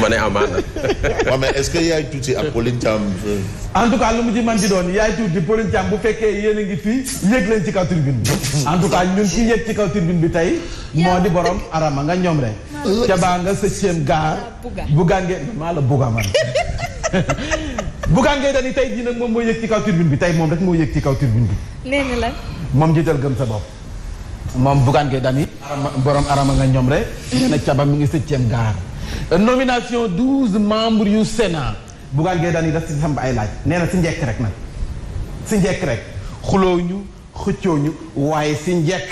ma ne amaana. waaw mais est-ce que yaay tuuti ak Pauline Thiam. en tout cas lu mu ci man ci doon yaay tuuti Pauline Thiam bu fekkee yéen ngi fii yéeg leen ci kaw tribune bi. en tout cas tey moo di borom arama nga ñoom rek. ca baa nga septième gaar. buga ngeen maa la buga man. buga ngeen dañuy tey jii nag moom moo yéeg ci kaw tribune bi tey moom rek moo yéeg ci kaw tribune bi. léegi la. moom jiital gëm sa bopp. moom buga ngeen dañuy. borom arama nga ñoom rek. nee ba mi ngi septième gaar. nomination douze membres yu Sénat. Bougane Gueye Dany daf ci samp ay laaj nee si njekk rek nag si njekk rek xuloo ñu xëccoo ñu waaye si njekk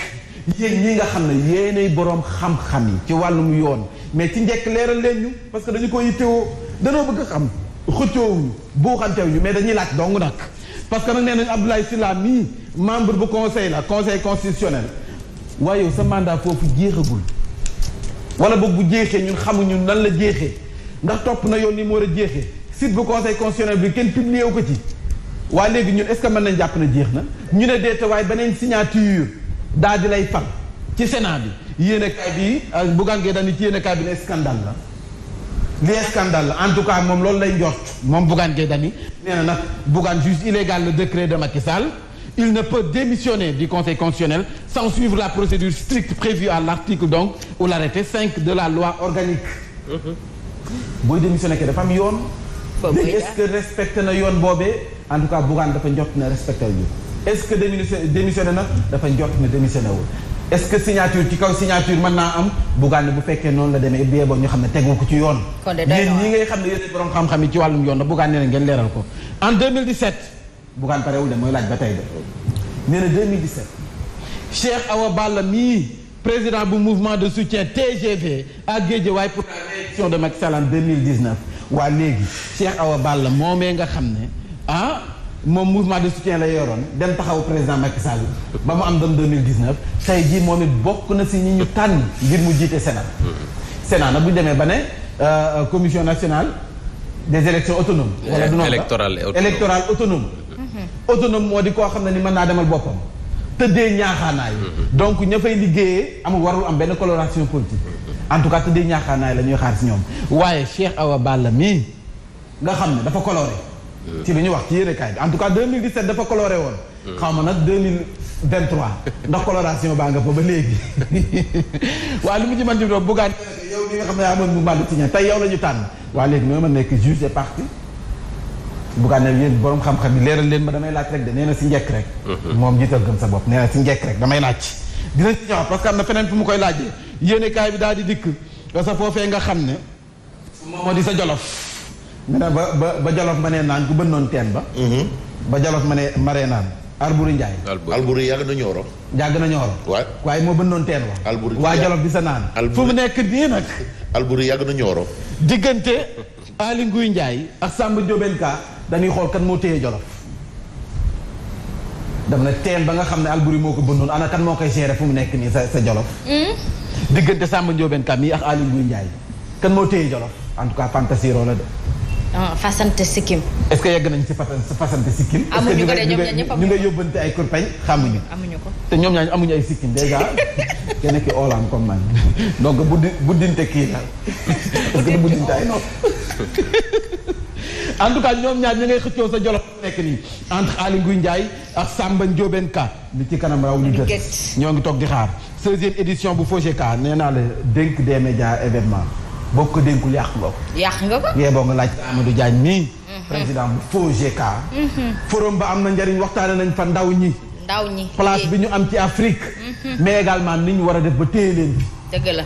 yéen ñi nga xam ne yéenay boroom xam-xam yi ci wàllum yoon mais si njekk leeral leen ñu parce que dañu koy yittewoo danoo bëgg xam xëccoowuñu buuxanteew ñu mais dañuy laaj dong nag parce que nag nee nañ Abdoulaye Sylla mii membre bu conseil la conseil constitutionnel waaye yow sa mandat foofu jeexagul wala boog bu jeexee ñun xamuñu nan la jeexee ndax topp na yoon ni mu war a jeexee site bu conseil constitutionnel bi kenn publié wu ko ci waa léegi ñun est ce que mën nañ jàpp na jeex na ñu ne deete waaye beneen signature daal di lay fal ci Sénat bi yéenekaay bi bu gàngee dañu ci yéenekaay bi ne scandale la li scandale en tout cas moom loolu lay njort moom Bougane Gueye Dany nee na nag Bougane juge illégal le décret de Macky Sall il ne peut démissionner du Conseil constitutionnel sans suivre la procédure stricte prévue à l'article donc ou l'arrêté 5 de la loi organique booy démissionné ke dafa am yoon léegi est na yoon boobee en tout cas Bougane dafa njort ne respecté wu est-ce que démissionné na dafa njort ne démissionné wul est-ce que signature ci kaw signature mën naa am Bougane bu fekkee noonu la demee bie boo ñu xam ne tegu ko ci yoon yéen ñi ngay xam ne yéen borom xam-xam yi ci wàllum yoon la Bougane nee na ngeen leeral ko en bugaan parewul de mooy laaj ba tey de nee na 2017 Cheikh Awa Balla mii président bu mouvement de soutien TGV à Guédiawaye pour la réélection de Macky Sall en 2019 waa léegi Cheikh Awa Balla moomee nga xam ne ah moom mouvement de soutien la yoroon dem taxaw président Macky Sall ba mu am dem 2019 tey jii moom it bokk na si ñi ñu tànn ngir mu jiite Sénat. Sénat nag bu demee ba ne euh, commission nationale des élections autonomes. wala du autonome moo di koo xam ne ni mën naa demal boppam tëddee ñaaxaanaay donc ña fay liggéeyee amul warul am benn coloration politique en tout cas tëddee ñaaxaanaay la ñuy xaar si ñoom waaye Cheikh Awa Balla mii nga xam ne dafa coloré ci li ñu wax ci yéenekaay bi en tout cas 2017 dafa coloré woon xaw ma nag 2023 ndax coloration baa nga fa ba léegi waaye lu mu ci mën di doon buggaan yow li nga xam mu mballu tey yow la ñu tànn waa léegi noo ma nekk juge et partie bugaan na yéen borom xam-xam yi leeral leen ma damay laaj rek de nee na si njekk rek. Mhm. moom jiital gëm sa bopp nee na si njekk rek damay laaj. dinañ si ñëwaat parce que kaay bi daal di dikk parce que nga xam ne. moom moo di sa jolof. mu ne ba ba ba jolof ma nee naan ku bënnoon teen ba. Mhm. ba jolof ma ne maree naan. Alburi Njaay. Alburi yàgg na ñooro. yàgg na ñooro. waaw waaye moo bënnoon teen wa. Alburi waa jolof bi sa naan. fu mu nekk nii nag. Alburi yàgg na ñooro. diggante. Aly Ngouille Ndiaye. ak Samba Ndiobène dañuy xool kan moo téye jolof daf na teen ba nga xam ne Alburi moo ko bëndoon ana kan moo koy gérer fu mu nekk nii sa sa jolof hmm? diggante Samba Ndiobène Kam yi ak Aly Ngouille Ndiaye kan moo téye jolof en tout cas fantasiro la de fasante sikkim est-ce yegg nañ ci fasante sikkim amuñu ko de ñoom ñaar ñëpp ñu ngay yóbbante ay kurpeñ xamuñu ko te ñoom ñaañu amuñu ay sikkim déjà kenn ki oolaan comme man donc buddi buddinte kii la parce buddinte ay noonu en tout cas ñoom ñaar ña ngay xëccoo sa jolof nekk nii entre Aly Ngouille Ndiaye ak Samba Ndiobène Ka li ci kanam raw ñu gët ñoo ngi toog di xaar seizième édition bu FOGECA nee naa la dénk des médias événement boo ko dénkul yàq nga ko yàq nga ko yee nga laaj Amadou Diagne mii mhm. président bu FOGECA mhm. forum ba am na njariñ waxtaane nañ fa ndaw ñi ndaw ñi place bi ñu am ci Afrique mhm. mais également ni ñu war a def ba téye leen dëgg la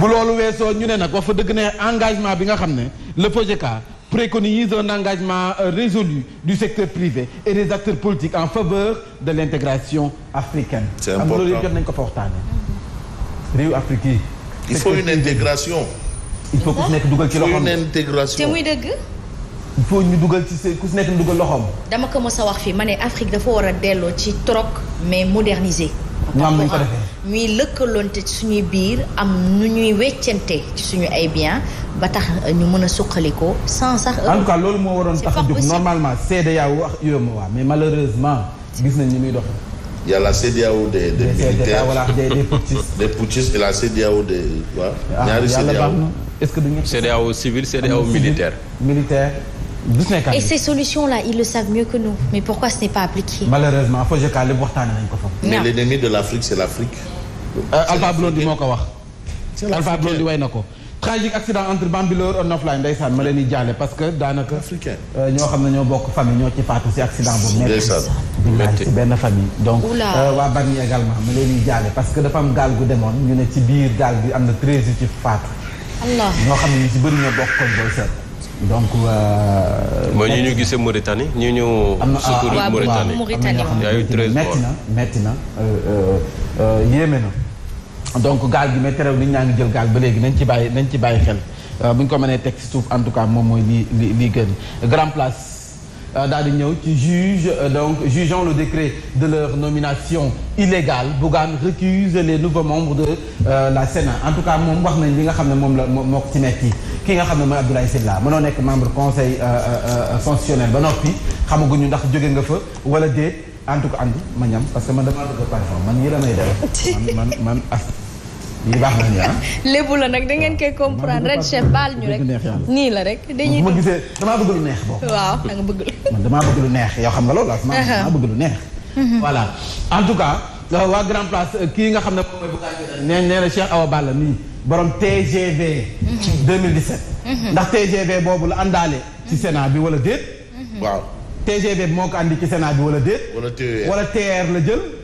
bu loolu weesoo ñu ne nag wax fa dëgg ne engagement bi nga xam ne le POGECA ka préconise un engagement euh, résolu du secteur privé et des acteurs politiques en faveur de l'intégration africaine. c'est important am loolu yëpp jot nañu ko fa waxtaanee. réew Afrique yi. il faut une intégration. il faut ku si nekk dugal ci loxoom il faut une intégration. te muy dëgg. il faut ñu dugal ci ku si nekk dugal loxoom. dama ko mos a wax fii ma ne Afrique dafa war a delloo ci troc mais modernisé. ñoom ñu ko defee ñuy lëkkaloonte ci suñuy biir am nu ñuy weccante ci suñu ay biens ba tax ñu mën a suqalikoo sans sax. en tout loolu moo waroon tax a jóg normalement CEDEAO ak UEMOA mais malheureusement gis nañ ni muy dox y a la CEDEAO des des militaires de des putschistes. des putschistes et la CEDEAO des waaw. Ah, ñaari CEDEAO est-ce que du ñu. CEDEAO civil militaire. militaire. et ces solutions là ils le savent mieux que nous mais pourquoi ce n'est pas appliqué. malheureusement FOGECA lépp waxtaanee nañ ko foofu. mais l'ennemi de l'Afrique c'est l'Afrique. Euh, Alpha Blondy moo ko wax. tragique accident entre Bambilor ak Noflaye ndeysaan ma leen di jaale parce que daanaka. Euh, ñoo xam ne ñoo bokk famille ñoo ci faatu si accident boobu. nekk si benn famille. donc euh, waa Bargny également ma leen di jaale parce que dafa am gaal gu demoon ñu ne ci biir bi am na treize yu xam ñu ci bëri ñoo donc. mooy euh, ñi ñu gisee Mauritanie ñi ñu. am na ah waaw waaw Mauritanie metti na metti na euh, euh, yéeme na. donc gaal gi mais tereew nit ñaa ngi jël gaal ba léegi nañ ci bàyyi nañ ci bàyyi xel bu ñu ko mënee teg ci suuf en tout cas moom mooy li li li gën grand place. Euh, daal di ñëw ci juge euh, donc jugeant le décret de leur nomination illégale Bougane récuse les nouveaux membres de euh, la Sénat en tout cas moom wax nañ li nga xam ne moom la moo ko ci nekk ki nga xam ne mooy Abdoulaye Sylla mënoo nekk membre conseil constitutionnel ba noppi xamaguñu ndax jóge nga fa wala déet en tout cas ma ñam parce que ma dama dëgg par exemple man ñi la man man li baax na ñu ah. lépp la nag da ngeen koy comprendre rek chef baal ñu rek nii la rek. dañuy ma gisee damaa bëgg lu neex boobu. damaa bëgg lu neex yow xam nga loolu damaa ah. bëgg lu neex. Mhm. voilà en tout cas. Euh, waa grand place euh, kii nga xam ne moom mooy bëgg nee nee na Cheikh Awa Balla nii borom TGV. Mhm. Mhm. ndax TGV boobu la àndaale. ci Sénat bi wala déet. waaw TGV bi moo ko andi ci Sénat bi wala déet. wala TER la jël.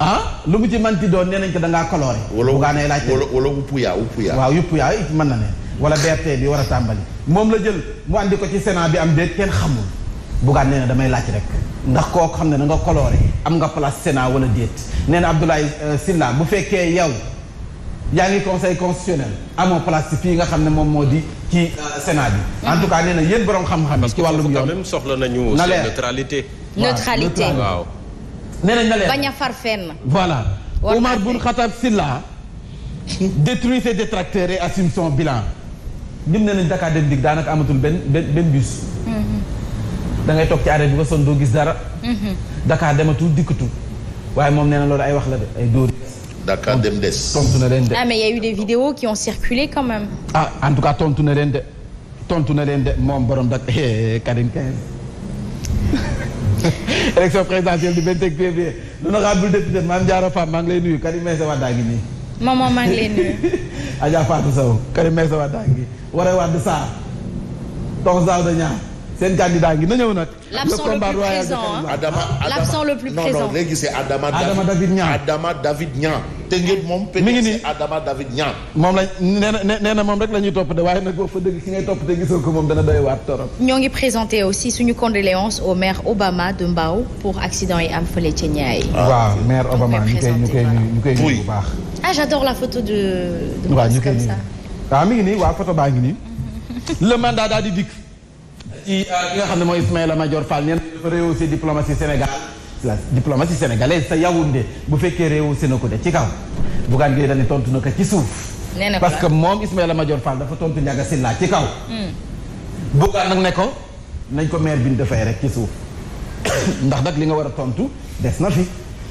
ah lu mu ci manti doon nee nañ ko da ngaa coloré. wala wala wala uppuyaa uppuyaa. waaw uppuyaa it mën na ne. wala BRT bi war a tàmbali. moom la jël mu andi ko ci Sénat bi am déet kenn xamul. Bougane nee na damay laaj rek. ndax koo xam ne da nga coloré am nga place Sénat wala déet nee na Abdoulaye euh, Sylla bu fekkee yow yaa ngi conseil constitutionnel amoo place ci fii nga xam ne moom moo di ci euh, Sénat bi. Mm-hmm. en tout cas nee na yéen borom xam-xam. ci wàllum yoon parce que foofu quand même soxla nañu. neutralité. neutralité nee nañ la leen bañ a voilà Omar Boun Khattab Silla détruit ses détracteurs et assume bilan. ñun nee nañ Dakar Dem Dikk daanaka amatul benn benn benn mhm. da ngay toog ci arrêt bi ba sonn doo gis dara. Mhm. Dakar dematul dikkutu waaye moom nee na loolu ay wax la de ay dóor. Dakar dem des tontu na leen de. ah mais y a ah, en tout cas tontu na leen tontu na leen de moom borom dak Karim élection présidentielle du 25 février l'honorable député Mame Diarra Fam maa ngi lay nuyu Karim Meïssa Wade ngi nii. maman maa ngi lay nuyu. Adja Fatou Sow Karim Meïssa Wade ngi waree Wade Sarr Tox Zalda Niang. seen candidat ngi na ñëw nag. l'absent le plus présent Adama l'absent le plus présent non Adama. David Niang Adama David Niang. te ngeen moom. mi ngi nii Adama David Niang. moom lañ nee na nee moom rek la ñuy topp de waaye nag boo fa dëgg ki ngay topp te gisoo ko moom dana doy waat torop. ñoo ngi présenté aussi suñu condoléances au maire Obama de Mbao pour accident yi am fële ca Niayes. Ah, waaw maire Obama ñu koy ñu koy ñu koy nuyu bu baax. ah j'adore la photo de. de waaw ñu koy nuyu waaw ah, mi ngi nii waaw photo baa ngi nii. ci euh, nga xam ne mooy Ismaïla Madior Fall nee na dafa rehausser diplomatie Sénégal la diplomatie sénégalaise sa Yaoundé bu fekkee rehausser na ko de ci kaw Bougane Gueye Dany tontu na ko ci suuf. parce que moom Ismaïla Madior Fall dafa tontu Ndiaga Sylla ci kaw. Hmm. Bougane nag ne ko nañ ko maire Binta Faye rek ci suuf ndax nag li nga war a tontu des na fi.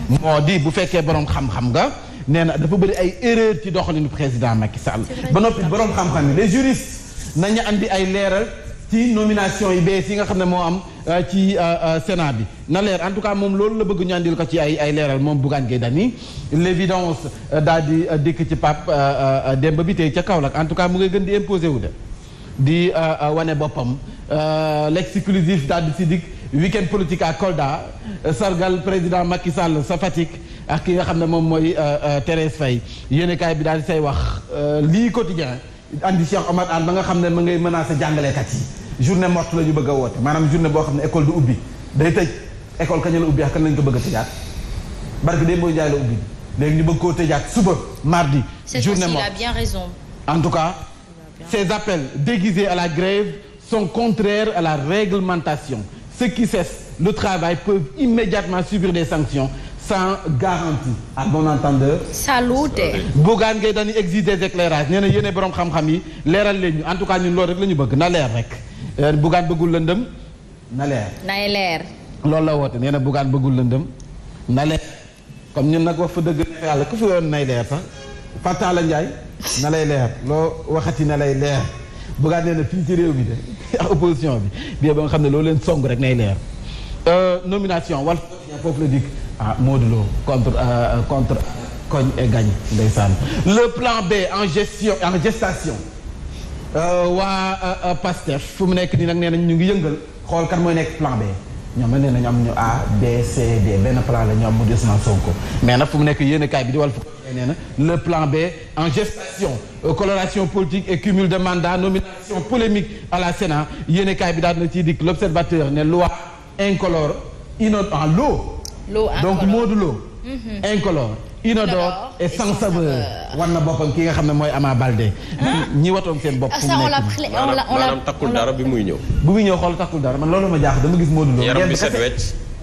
moo di bu fekkee borom xam-xam nga nee na dafa bëri ay erreur ci doxalinu président Macky Sall. ba noppi borom xam-xam yi les juristes nañu andi ay leeral. ci nomination yi bees si nga xam ne moo am euh, ci euh, euh, Sénat bi na leer en tout cas moom loolu la bëgg ñu àndil ko ci ay ay leeral moom Bougane Gueye Dany l'évidence daal di dikk ci Pape Demba bi tey ca Kaolack en tout cas mu ngay gën di imposer wu de di wane boppam l'exclusif daal di si dikk week-end politique à Kolda sargal président Macky Sall sa Fatick ak ki nga xam ne moom mooy Thérèse Faye yéenekaay bi daal di say wax lii quotidien andi Cheikh Omar Anne ba nga xam ne ma ngay menacer jàngalekat yi journée morte la bëgg a woote maanaam journée boo xam ne école du ubbi day tëj école kañ la ubbi ak kañ lañ ko bëgg a tëjaat barke day mooy jaay la ubbi léegi ñu bëgg koo tëjaat suba mardi. journée morte en tout cas ces appels déguisés à la grève sont contraires à la réglementation ceux qui cessent le travail peuvent immédiatement subir des sanctions sans garantie à bon entendeur. saluté. Bougane Gueye dañuy exige des éclairages nee na yéen borom xam-xam yi leeral leen ñu en tout cas ñun loolu rek la ñu bëgg na leer rek eh, Bougane bëggul lëndëm na leer. nay leer. loolu la woote nee na Bougane bëggul lëndëm na leer comme ñun nag wax fa dëgg yàlla ku fi woon nay leer sax Fatala Ndiaye na lay leer loo waxati na lay leer Bougane nee fii ci réew mi de opposition bi bii ba nga xam ne loolu leen song rek nay leer eh, nomination wal foofu la dikk. ah Modou Lo contre euh, euh contre Cogne et Gagne ndeysaan le plan B en gestion en gestation euh, waa euh, Pastef fu mu nekk nii nag nee nañ ñu ngi yëngal xool kan mooy nekk plan B ñoom la nee nañu am ñu A B C D benn plan la ñu am mu di Ousmane Sonko mais nag fu mu nekk yéen bi di wal fu nee na le plan B en gestation coloration politique et cumul de mandat nomination polémique à la Sénat yéen kaay bi daal na ciy dikk l'observateur ne loi incolore en lo donc incolore donc Modou Lo. Mhm. incolore inodore et sans saveur. war na boppam ki nga xam ne mooy amaa Baldé. ñi watoon seen bopp fu mu nekk dara bi muy ñëw. bu ñëw xool takkul dara man loolu ma jaax dama gis Modou Lo. yaram bi set wecc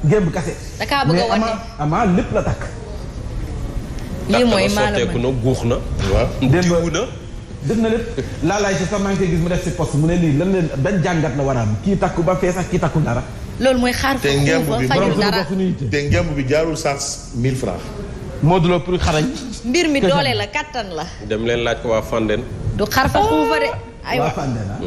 gémb kase. da kaa bëgg a wane mais Ama Ama lépp la takk. lii mooy maanaam sotteeku na guux na. waaw na. def na lépp laalaay si sax maa ngi koy gis mu def si poste mu ne lii lan leen benn jàngat la war a kii takku ba fees ak kii takku dara. loolu mooy xaar fa fajul dara te ngemb bi jaarul sax 1000 francs Modou Lo pour mi doole la kattan la. dem laaj ko waa Fandène. du xar fa xuufa de. Ah, aywa waa Fandène ah. Mm,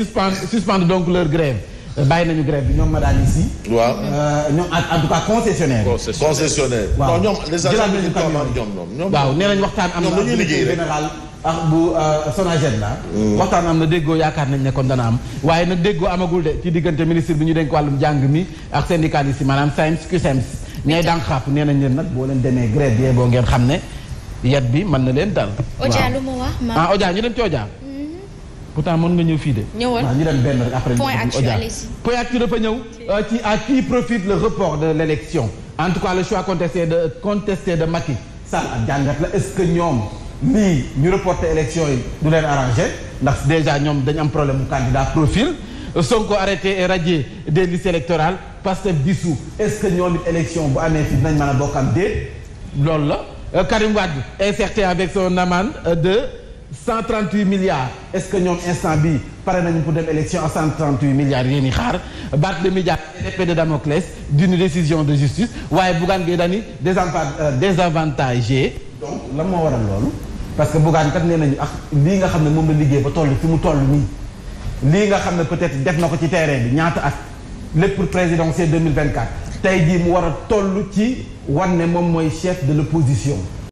waaw donc leur grève. bàyyi nañu grève bi ñoom ma ici. waaw euh, ñoom en tout cas concessionnaire. concessionnaire waaw nee nañ waxtaan am na. liggéey rek ah bu ah, Sonaged la mm. waxtaan am na déggoo yaakaar nañ ne kon dana am waaye nag déggoo amagul de ci diggante ministre bi ñu dénk wàllum jàng mi ak syndicaliste yi maanaam SAEMS CUSEMS ñay daan xaap nee nañ leen nag boo leen demee grève yee boo ngeen xam ne yat bi mën na leen dal. Oja lu ma wax ma ah Oja ñu dem ci Oja. Mm-hmm. pourtant mën nga ñëw fii de. ñëwoon waaw ñu dem benn rek après. point actualisé point actu dafa ñëw. Euh, ci à qui profite le report de l' élection. en tout cas le choix contesté de de Macky Sall ak jàngat la est ce que ñoom. nii ñu reporter élection yi du leen arrangé ndax déjà ñoom dañu am problème mu candidat profil Sonko arrêté et radié des listes électorales Pastef dissous est-ce que ñoom it élection bu amee fi dinañ mën a bokk am déet loolu la euh, Karim Wade incertain avec son amende euh, de 138 milliards est-ce que ñoom instant bi pare nañu pour dem élection à 138 milliards yéen i xaar Barthélémy Dias épée de Damoclès d'une décision de justice waaye Bougane Gueye Dany désavantage euh, désavantage donc lan moo waral loolu parce que Bougane kat nee nañu ak ah, lii nga xam ne moom la liggéey ba toll fi mu toll nii lii nga xam ne peut-être def na ko ci terrain bi ñaata ak lépp mille présidentielle 2024 tey jii mu war a toll ci wan ne moom mooy chef de l'opposition